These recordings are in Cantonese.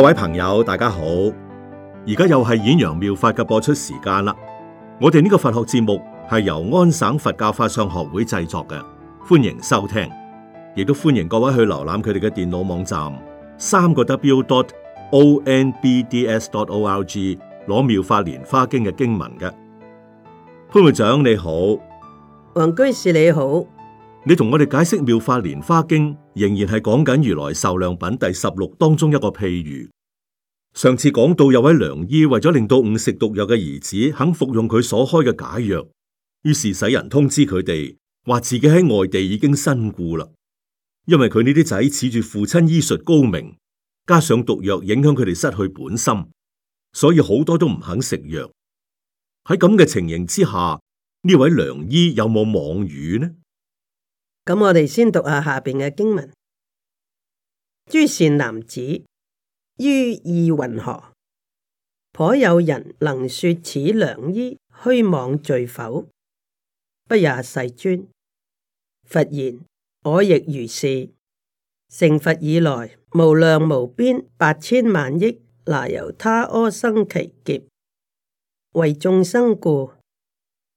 各位朋友，大家好！而家又係演《揚妙法》嘅播出時間啦。我哋呢個佛學節目係由安省佛教法相學會製作嘅，歡迎收聽，亦都歡迎各位去瀏覽佢哋嘅電腦網站，三個 W. dot O N B D S. dot O L G 攞妙法蓮花經嘅經文嘅。潘會長你好，黃居士你好。你同我哋解釋《妙法蓮華經》，仍然係講緊如來壽量品第十六當中一個譬喻。上次講到有位良醫為咗令到誤食毒藥嘅兒子肯服用佢所開嘅解藥，於是使人通知佢哋話自己喺外地已經身故啦。因為佢呢啲仔恃住父親醫術高明，加上毒藥影響佢哋失去本心，所以好多都唔肯食藥。喺咁嘅情形之下，呢位良醫有冇妄語呢？咁、嗯、我哋先讀下下邊嘅經文。諸善男子，於意云何？頗有人能說此良醫虛妄罪否？不也，世尊。佛言：我亦如是。成佛以來，無量無邊八千萬億那由他阿僧祇劫，為眾生故，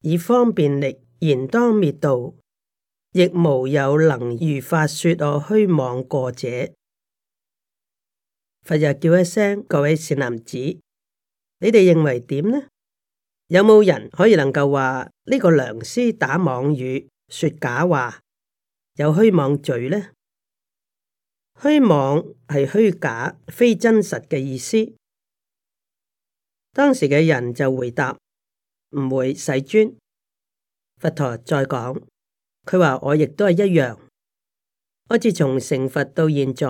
以方便力，言當滅度。亦無有能如法說我虛妄過者。佛日叫一聲：各位善男子，你哋認為點呢？有冇人可以能夠話呢個良師打妄語、說假話、有虛妄罪呢？虛妄係虛假、非真實嘅意思。當時嘅人就回答：唔會，世尊。佛陀再講。佢話我亦都係一樣，我自從成佛到現在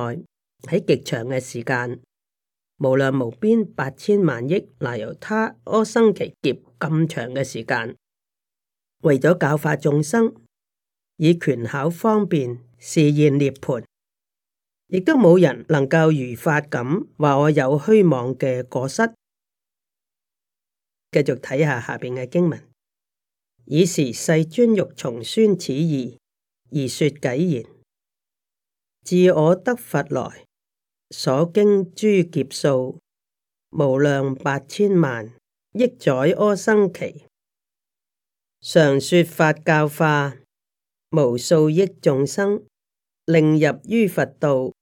喺極長嘅時間，無量無邊八千萬億那由他阿僧祇劫咁長嘅時間，為咗教化眾生，以權巧方便示現涅槃，亦都冇人能夠如法咁話我有虛妄嘅過失。繼續睇下下邊嘅經文。以時世尊欲重宣此義而說偈言：自我得佛來，所經諸劫數，無量百千萬億載阿僧祇，常說法教化無數億眾生，令入於佛道。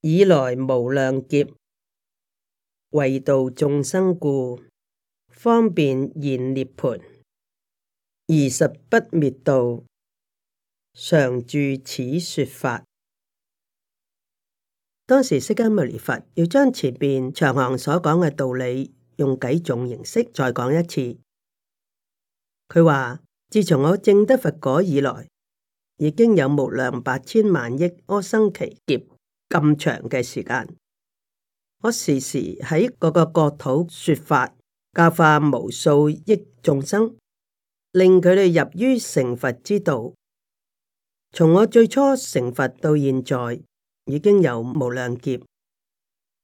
以來無量劫，為度眾生故，方便現涅槃。而實不滅道常住此說法。當時釋迦牟尼佛要將前面長行所講嘅道理用幾種形式再講一次。佢話：自從我證得佛果以來，已經有無量百千萬億阿僧祇劫咁長嘅時間，我時時喺各個,個國土說法，教化無數億眾生。令佢哋入於成佛之道。從我最初成佛到現在，已經有無量劫。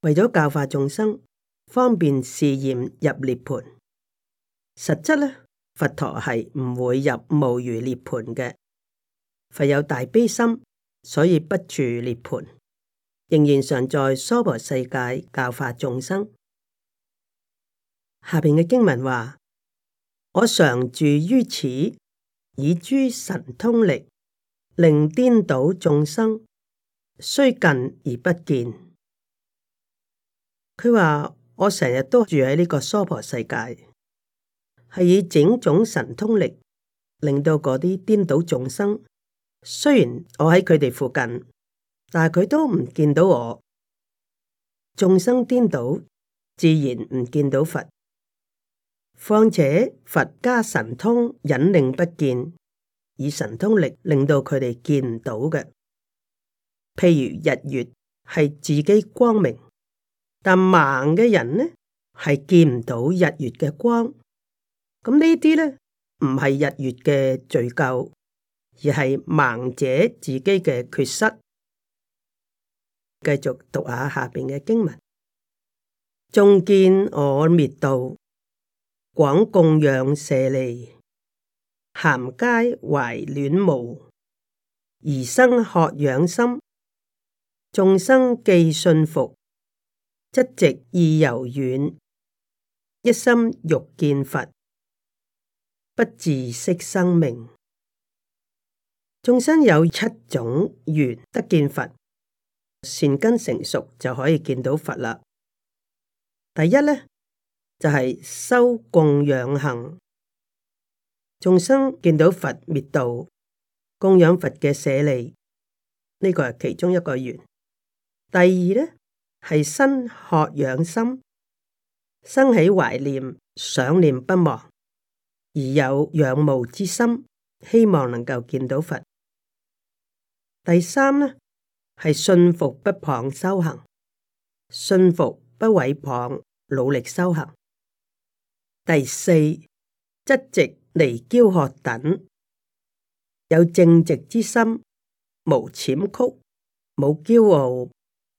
為咗教化眾生，方便試驗入涅槃。實質咧，佛陀係唔會入無餘涅槃嘅。佛有大悲心，所以不住涅槃，仍然常在娑婆世界教化眾生。下邊嘅經文話。我常住於此，以諸神通力，令顛倒眾生，雖近而不見。佢話，我成日都住喺呢個娑婆世界，係以整種神通力令到嗰啲顛倒眾生。雖然我喺佢哋附近，但係佢都唔見到我。眾生顛倒，自然唔見到佛。況且佛家神通隱令不見，以神通力令到佢哋見到嘅、見唔到嘅。譬如日月係自己光明，但盲嘅人呢係見唔到日月嘅光。咁呢啲呢唔係日月嘅罪咎，而係盲者自己嘅缺失。繼續讀下下邊嘅經文，仲見我滅道。廣供養舍利，咸皆懷戀慕，而生渴仰心。眾生既信服，質直意柔軟，一心欲見佛，不自惜生命。眾生有七種緣得見佛，善根成熟就可以見到佛啦。第一咧。就係修供養行，眾生見到佛滅度供養佛嘅舍利，呢、這個係其中一個緣。第二咧係生學養心，生起懷念想念不忘，而有仰慕之心，希望能夠見到佛。第三咧係信服不謗修行，信服不毀謗，努力修行。第四，質直離驕學等，有正直之心，無淺曲，冇驕傲，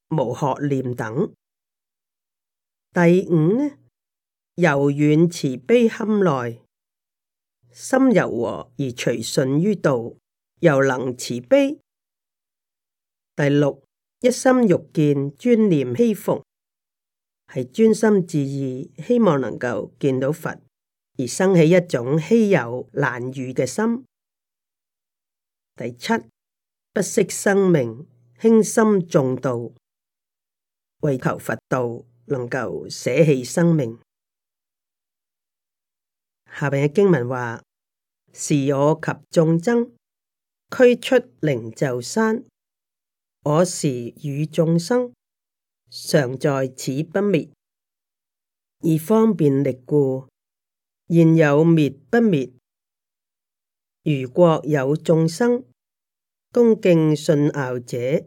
冇學念等。第五呢，柔軟慈悲堪耐，心柔和而隨順於道，又能慈悲。第六，一心欲見，專念欺服。係專心致意，希望能夠見到佛，而生起一種稀有難遇嘅心。第七，不惜生命，輕心重道，為求佛道，能夠捨棄生命。下邊嘅經文話：是我及眾僧俱出靈鷲山，我時與眾生。常在此不滅，以方便力故，現有滅不滅。如國有眾生恭敬信樂者，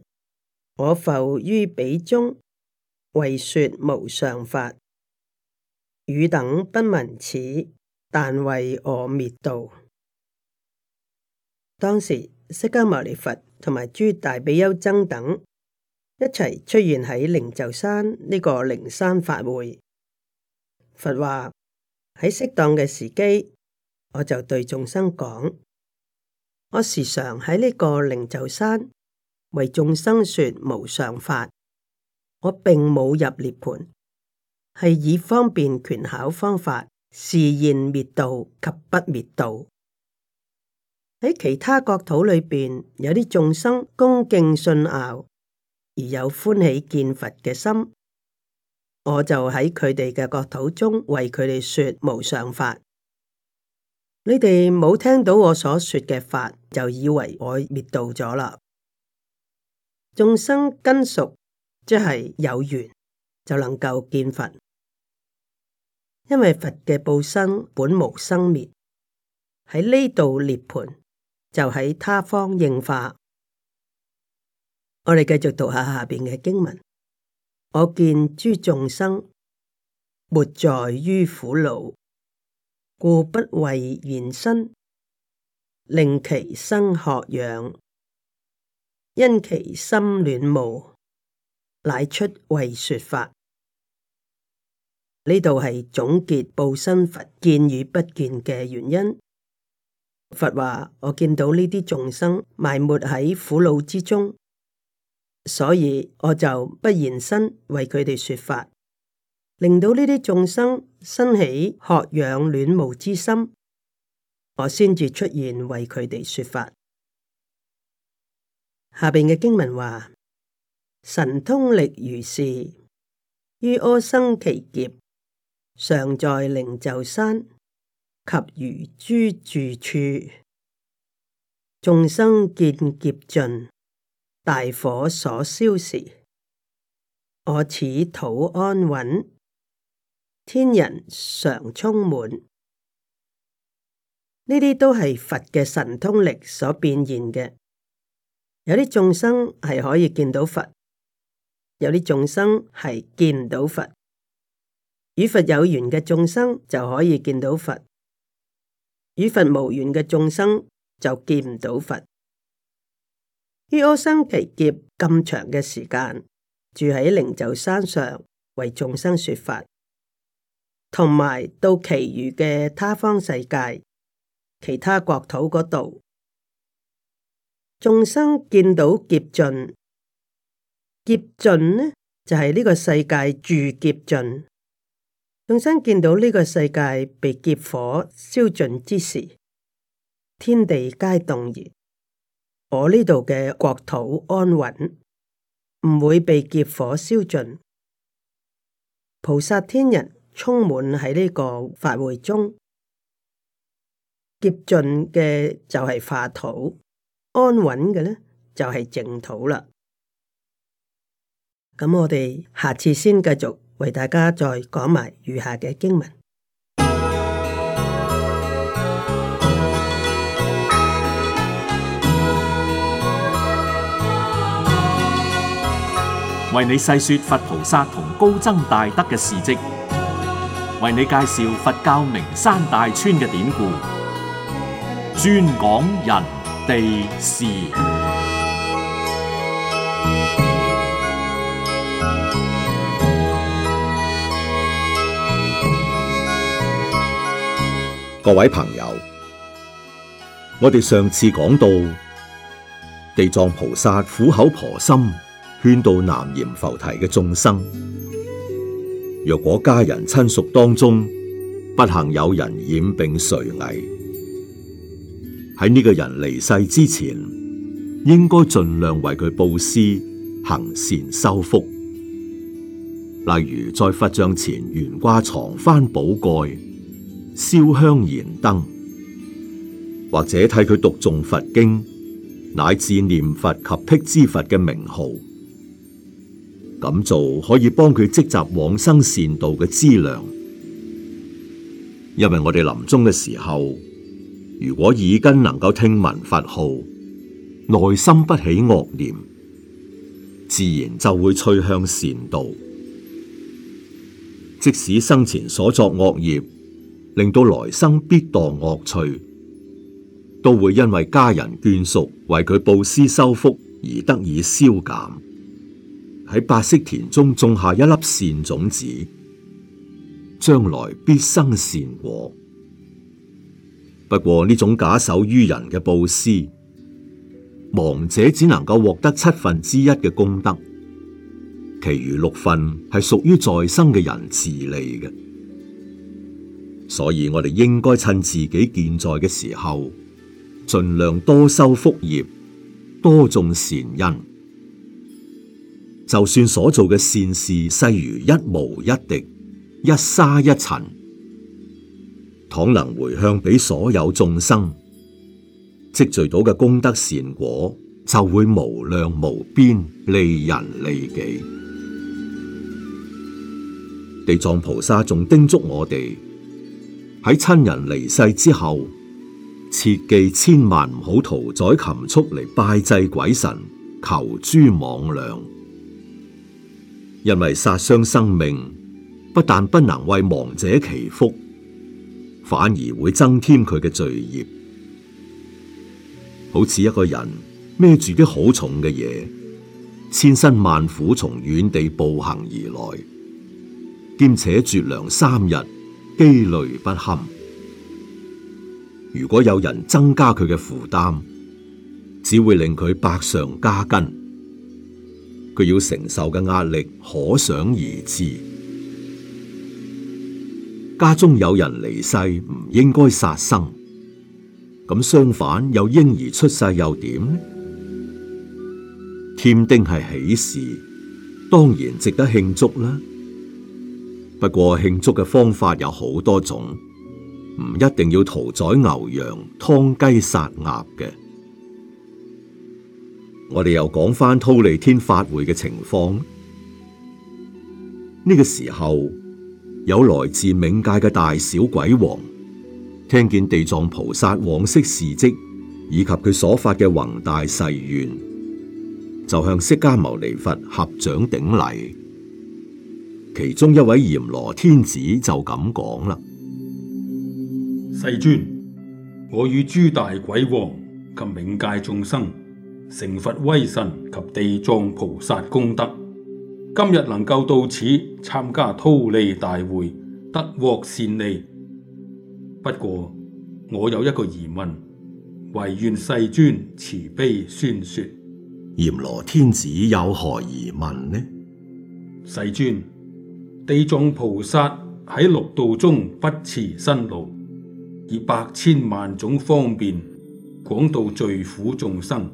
我浮於彼中為說無上法。汝等不聞此，但為我滅道。當時釋迦牟尼佛同埋諸大比丘僧等。一齊出現喺靈鷲山呢個靈山法會，佛話喺適當嘅時機，我就對眾生講：我時常喺呢個靈鷲山為眾生說無常法，我並冇入涅盤，係以方便權巧方法示現滅度及不滅度。喺其他國土裏邊，有啲眾生恭敬信樂，而有歡喜見佛嘅心，我就喺佢哋嘅國土中為佢哋說無上法。你哋冇聽到我所說嘅法，就以為我滅度咗啦。眾生根熟即係有緣就能夠見佛，因為佛嘅報身本無生滅，喺呢度涅槃就喺他方應化。我哋繼續讀下下邊嘅經文。我見諸眾生沒在於苦惱，故不為現身，令其生渴仰，因其心戀慕，乃出為說法。呢度係總結報身佛見與不見嘅原因。佛話：我見到呢啲眾生埋沒喺苦惱之中。所以我就不現身為佢哋說法，令到呢啲眾生生起渴仰戀慕之心，我先至出現為佢哋說法。下邊嘅經文話：神通力如是，於阿僧祇劫常在靈鷲山及餘諸住處，眾生見劫盡，大火所燒時，我此土安穩，天人常充滿。呢啲都係佛嘅神通力所變現嘅。有啲眾生係可以見到佛，有啲眾生係見唔到佛。與佛有緣嘅眾生就可以見到佛，與佛無緣嘅眾生就見唔到佛。於我生其劫咁長嘅時間，住喺靈鷲山上為眾生說法，同埋到其餘嘅他方世界、其他國土嗰度，眾生見到劫盡，劫盡呢就係呢個世界住劫盡，眾生見到呢個世界被劫火燒盡之時，天地皆動然。我呢度嘅國土安穩，唔會被劫火燒盡。菩薩天人充滿喺呢個法會中，劫盡嘅就係化土，安穩嘅咧就係淨土啦。咁我哋下次先繼續為大家再講埋餘下嘅經文。為你細說佛菩薩同高僧大德嘅事蹟，為你介紹佛教名山大川嘅典故，專講人地事。各位朋友，我哋上次講到地藏菩薩苦口婆心，勸導南閻浮提嘅眾生，若果家人親屬當中不幸有人染病垂危，喺呢個人離世之前，應該儘量為佢布施行善修福，例如在佛像前懸掛幢幡寶蓋、燒香燃燈，或者替佢讀誦佛經，乃至念佛及辟支佛嘅名號。咁做可以幫佢積集往生善道嘅資糧，因為我哋臨終嘅時候，如果耳根能夠聽聞佛號，內心不起惡念，自然就會趨向善道。即使生前所作惡業，令到來生必墮惡趣，都會因為家人眷屬為佢布施修福而得以消減。喺白色田中種下一粒善種子，將來必生善果。不過呢種假手於人嘅布施，亡者只能夠獲得七分之一嘅功德，其餘六分係屬於在生嘅人自利嘅。所以我哋應該趁自己健在嘅時候，盡量多收福業，多種善因。就算所做嘅善事細如一毛一滴、一沙一塵，倘能回向俾所有眾生，積聚到嘅功德善果就會無量無邊，利人利己。地藏菩薩仲叮囑我哋喺親人離世之後，切忌千萬唔好屠宰禽畜嚟拜祭鬼神，求諸魍魎。因為殺傷生命，不但不能為亡者祈福，反而會增添佢嘅罪孽。好似一個人孭住啲好重嘅嘢，千辛萬苦從遠地步行而來，兼且絕糧三日，飢累不堪。如果有人增加佢嘅負擔，只會令佢百上加斤。佢要承受嘅壓力可想而知。家中有人離世，唔應該殺生，咁相反有嬰兒出世又點呢？添丁係喜事，當然值得慶祝啦。不過慶祝嘅方法有好多種，唔一定要屠宰牛羊、劏雞殺鴨嘅。我哋又講返脫利天法會嘅情況。呢、這個時候，有來自冥界嘅大小鬼王，聽見地藏菩薩往昔事跡以及佢所發嘅宏大誓願，就向釋迦牟尼佛合掌頂禮。其中一位閻羅天子就咁講啦：「世尊，我與諸大鬼王及冥界眾生。成佛威神及地藏菩薩功德，今日能夠到此參加忉利大會，得獲善利。不過我有一個疑問，惟願世尊慈悲宣說，閻羅天子有何疑問呢？世尊，地藏菩薩喺六道中不辭辛勞，以百千萬種方便，廣度罪苦眾生。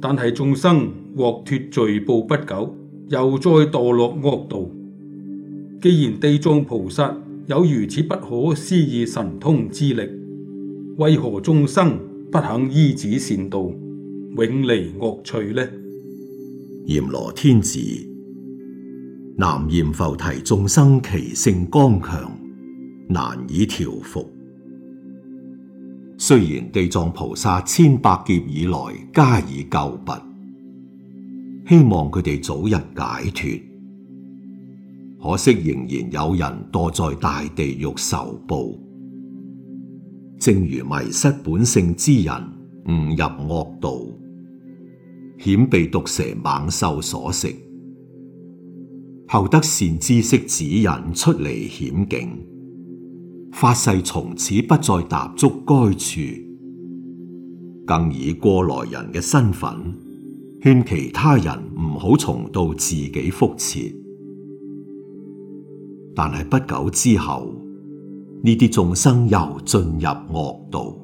但係眾生獲脫罪報不久，又再墮落惡道。既然地藏菩薩有如此不可思議神通之力，為何眾生不肯依止善道，永離惡趣呢？閻羅天子，南閻浮提眾生其性剛強，難以調伏。雖然地藏菩薩千百劫以來加以救拔，希望佢哋早日解脱，可惜仍然有人墮在大地獄受報。正如迷失本性之人誤入惡道，險被毒蛇猛獸所食，後得善知識指引出離險境。發誓從此不再踏足該處，更以過來人嘅身份勸其他人唔好重蹈自己覆轍。但係不久之後，呢啲眾生又進入惡道。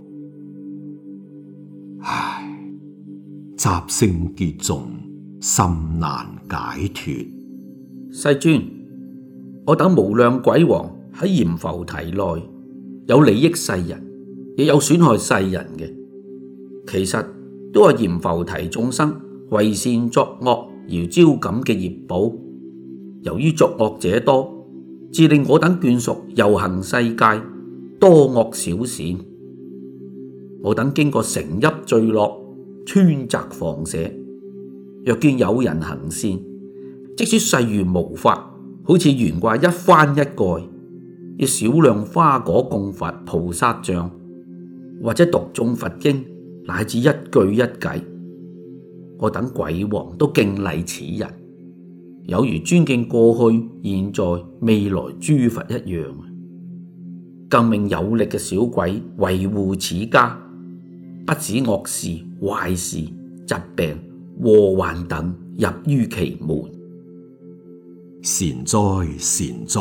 唉，習性結眾，心難解脫。世尊，我等無量鬼王。喺閻浮提內有利益世人，亦有損害世人嘅。其實都係閻浮提眾生為善作惡而招感嘅業報。由於作惡者多，致令我等眷屬遊行世界多惡少善。我等經過城邑聚落、川澤房舍，若見有人行善，即使世如無法，好似懸掛一幡一蓋。要少量花果供佛、菩薩像，或者讀誦佛經，乃至一句一偈，我等鬼王都敬禮此人，有如尊敬過去、現在、未來諸佛一樣。更命有力嘅小鬼維護此家，不使惡事、壞事、疾病、禍患等入於其門。善哉，善哉！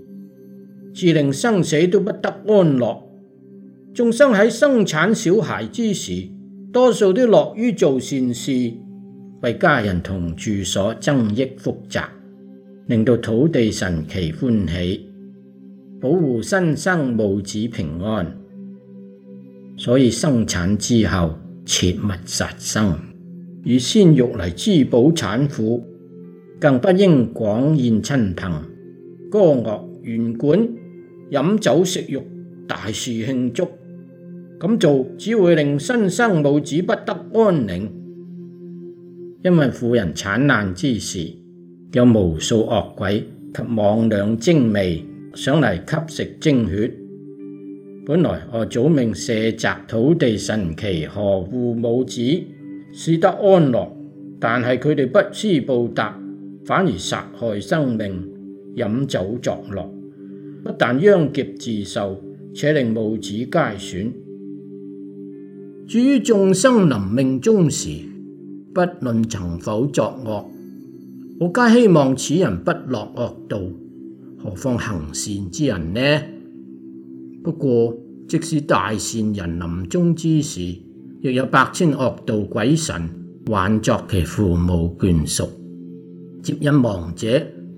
自令生死都不得安樂，眾生喺生產小孩之時，多數都樂於做善事，為家人同住所增益福澤，令到土地神祇歡喜，保護新生母子平安。所以生產之後切勿殺生，以鮮肉嚟滋補產婦，更不應廣宴親朋。歌樂圓管，飲酒食肉，大肆慶祝，咁做只會令新生母子不得安寧。因為婦人產難之時，有無數惡鬼及魍魎精魅上嚟吸食精血。本來我祖命舍宅土地神祇荷護母子，使得安樂，但係佢哋不思報答，反而殺害生命。飲酒作樂，不但殃劫自受，且令母子皆損。至於眾生臨命終時，不論曾否作惡，我皆希望此人不落惡道。何況行善之人呢？不過，即使大善人臨終之時，亦有百千惡道鬼神幻作其父母眷屬，接引亡者。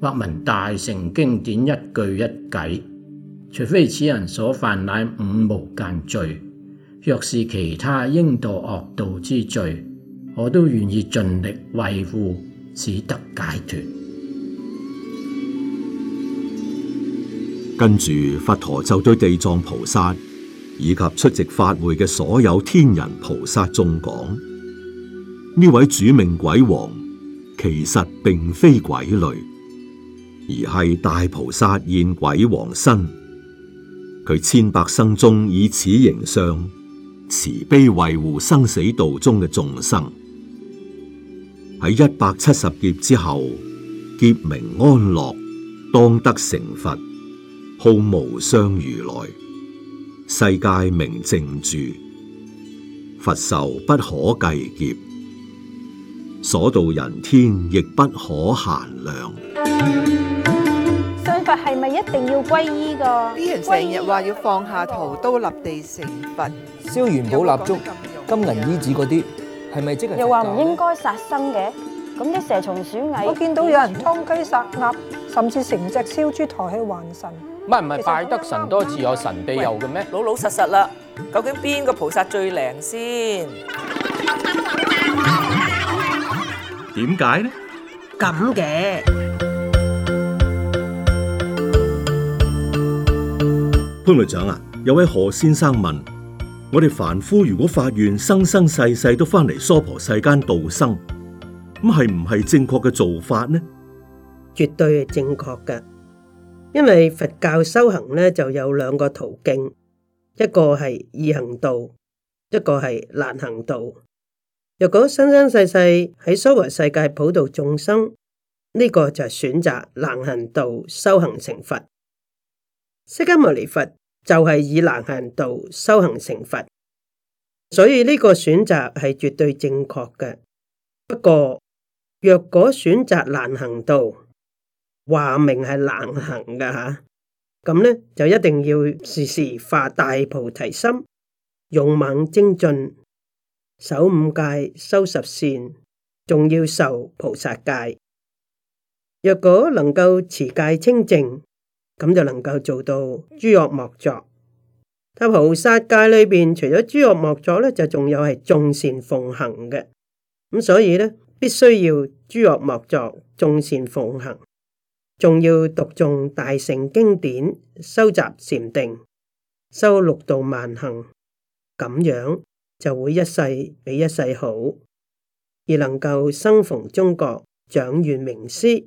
或聞大乘經典一句一偈，除非此人所犯乃五無間罪，若是其他應墮惡道之罪，我都願意盡力維護，使得解脫。跟住，佛陀就對地藏菩薩以及出席法會嘅所有天人菩薩眾講：呢位主命鬼王，其實並非鬼類。而係大菩薩現鬼王身，佢千百生中以此形相慈悲維護生死道中嘅眾生，喺一百七十劫之後，劫名安樂，當得成佛，號無相如來，世界名正住，佛壽不可計劫，所度人天亦不可限量。佛係咪一定要皈依噶？啲人成日話要放下屠刀立地成佛，燒元寶蠟燭、金銀衣紙嗰啲，係咪即係？又話唔應該殺生嘅，咁啲蛇蟲鼠蟻，我見到有人劏雞殺鴨，甚至成隻燒豬抬去還神。唔係唔係，拜得神多自有神庇佑嘅咩？老老實實啦，究竟邊個菩薩最靈先？點解呢？咁嘅。潘律長啊，有位何先生問：我哋凡夫如果發願生生世世都翻嚟娑婆世間度生，咁係唔係正確嘅做法呢？絕對係正確嘅，因為佛教修行咧，就有兩個途徑，一個係易行道，一個係難行道。若果生生世世喺娑婆世界普度眾生，呢個就係選擇難行道修行成佛。釋迦牟尼佛。就係以難行道修行成佛，所以呢個選擇係絕對正確嘅。不過若果選擇難行道，話明係難行嘅吓，咁呢就一定要時時發大菩提心，勇猛精進，守五戒，修十善，仲要受菩薩戒。若果能夠持戒清淨。咁就能夠做到諸惡莫作，但菩薩界裏邊除咗諸惡莫作呢就有仲有係眾善奉行嘅。咁所以呢，必須要諸惡莫作，眾善奉行，仲要讀誦大乘經典，收集禪定，修六度萬行，咁樣就會一世比一世好，而能夠生逢中國，長遇名師。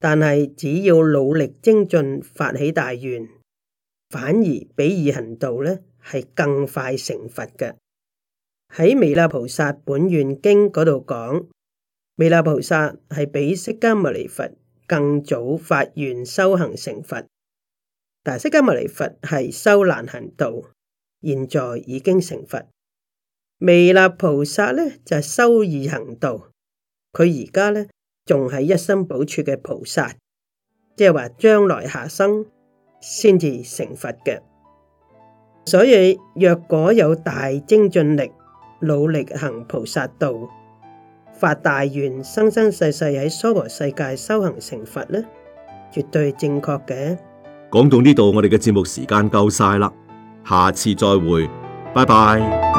但係只要努力精進，發起大願，反而比易行道呢係更快成佛嘅。喺彌勒菩薩本願經嗰度講，彌勒菩薩係比釋迦牟尼佛更早發願修行成佛，但係釋迦牟尼佛係修難行道，現在已經成佛。彌勒菩薩呢就係、是、修易行道，佢而家呢。仲係一生補處嘅菩薩，即係話將來下生先至成佛嘅。所以若果有大精進力，努力行菩薩道，發大願，生生世世喺娑婆世界修行成佛呢，絕對正確嘅。講到呢度，我哋嘅節目時間夠晒啦，下次再會，拜拜。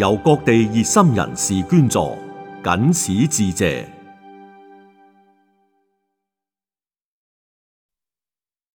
由各地熱心人士捐助，謹此致謝。